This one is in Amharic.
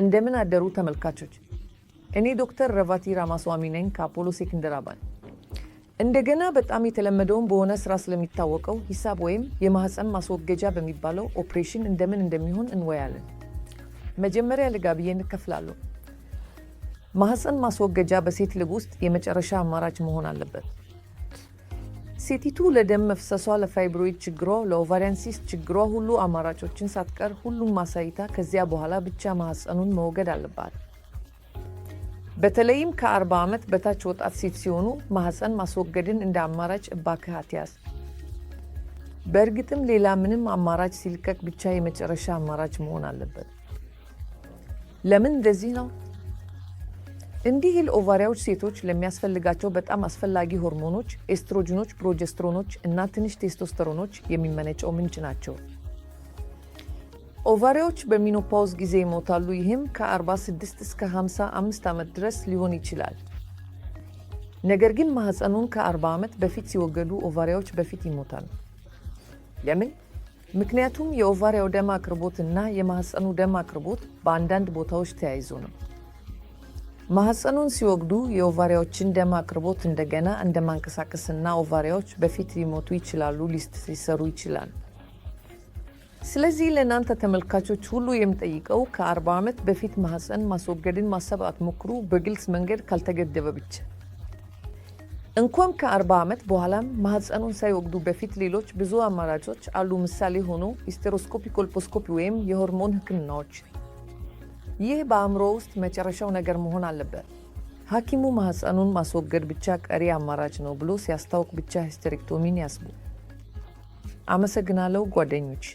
እንደምን አደሩ ተመልካቾች። እኔ ዶክተር ረቫቲ ራማስዋሚ ነኝ ከአፖሎ ሴክንደራባድ። እንደገና በጣም የተለመደውን በሆነ ስራ ስለሚታወቀው ሂሳብ ወይም የማህፀን ማስወገጃ በሚባለው ኦፕሬሽን እንደምን እንደሚሆን እንወያለን። መጀመሪያ ልጋብዬ እንከፍላለሁ። ማህፀን ማስወገጃ በሴት ልብ ውስጥ የመጨረሻ አማራጭ መሆን አለበት። ሴቲቱ ለደም መፍሰሷ፣ ለፋይብሮይድ ችግሯ፣ ለኦቫሪያን ሲስት ችግሯ ሁሉ አማራጮችን ሳትቀር ሁሉም ማሳይታ ከዚያ በኋላ ብቻ ማህፀኑን መወገድ አለባት። በተለይም ከ40 ዓመት በታች ወጣት ሴት ሲሆኑ ማህፀን ማስወገድን እንደ አማራጭ እባክህ አትያዝ። በእርግጥም ሌላ ምንም አማራጭ ሲልቀቅ ብቻ የመጨረሻ አማራጭ መሆን አለበት። ለምን እንደዚህ ነው? እንዲህ ይል ኦቫሪያዎች ሴቶች ለሚያስፈልጋቸው በጣም አስፈላጊ ሆርሞኖች ኤስትሮጅኖች፣ ፕሮጀስትሮኖች እና ትንሽ ቴስቶስተሮኖች የሚመነጨው ምንጭ ናቸው። ኦቫሪያዎች በሚኖፓውዝ ጊዜ ይሞታሉ፣ ይህም ከ46 እስከ 55 ዓመት ድረስ ሊሆን ይችላል። ነገር ግን ማህፀኑን ከ40 ዓመት በፊት ሲወገዱ ኦቫሪያዎች በፊት ይሞታሉ። ለምን? ምክንያቱም የኦቫሪያው ደም አቅርቦት እና የማህፀኑ ደም አቅርቦት በአንዳንድ ቦታዎች ተያይዞ ነው። ማህፀኑን ሲወግዱ የኦቫሪያዎችን ደም አቅርቦት እንደገና እንደ ማንቀሳቀስና ኦቫሪያዎች በፊት ሊሞቱ ይችላሉ ሊስት ሊሰሩ ይችላል። ስለዚህ ለእናንተ ተመልካቾች ሁሉ የምጠይቀው ከ40 ዓመት በፊት ማህፀን ማስወገድን ማሰብ አትሞክሩ፣ በግልጽ መንገድ ካልተገደበ ብቻ። እንኳን ከ40 ዓመት በኋላም ማህፀኑን ሳይወግዱ በፊት ሌሎች ብዙ አማራጮች አሉ። ምሳሌ ሆኖ ስቴሮስኮፒ፣ ኮልፖስኮፒ ወይም የሆርሞን ህክምናዎች ይህ በአእምሮ ውስጥ መጨረሻው ነገር መሆን አለበት። ሐኪሙ ማህፀኑን ማስወገድ ብቻ ቀሪ አማራጭ ነው ብሎ ሲያስታውቅ ብቻ ሂስቴሪክቶሚን ያስቡ። አመሰግናለሁ ጓደኞች።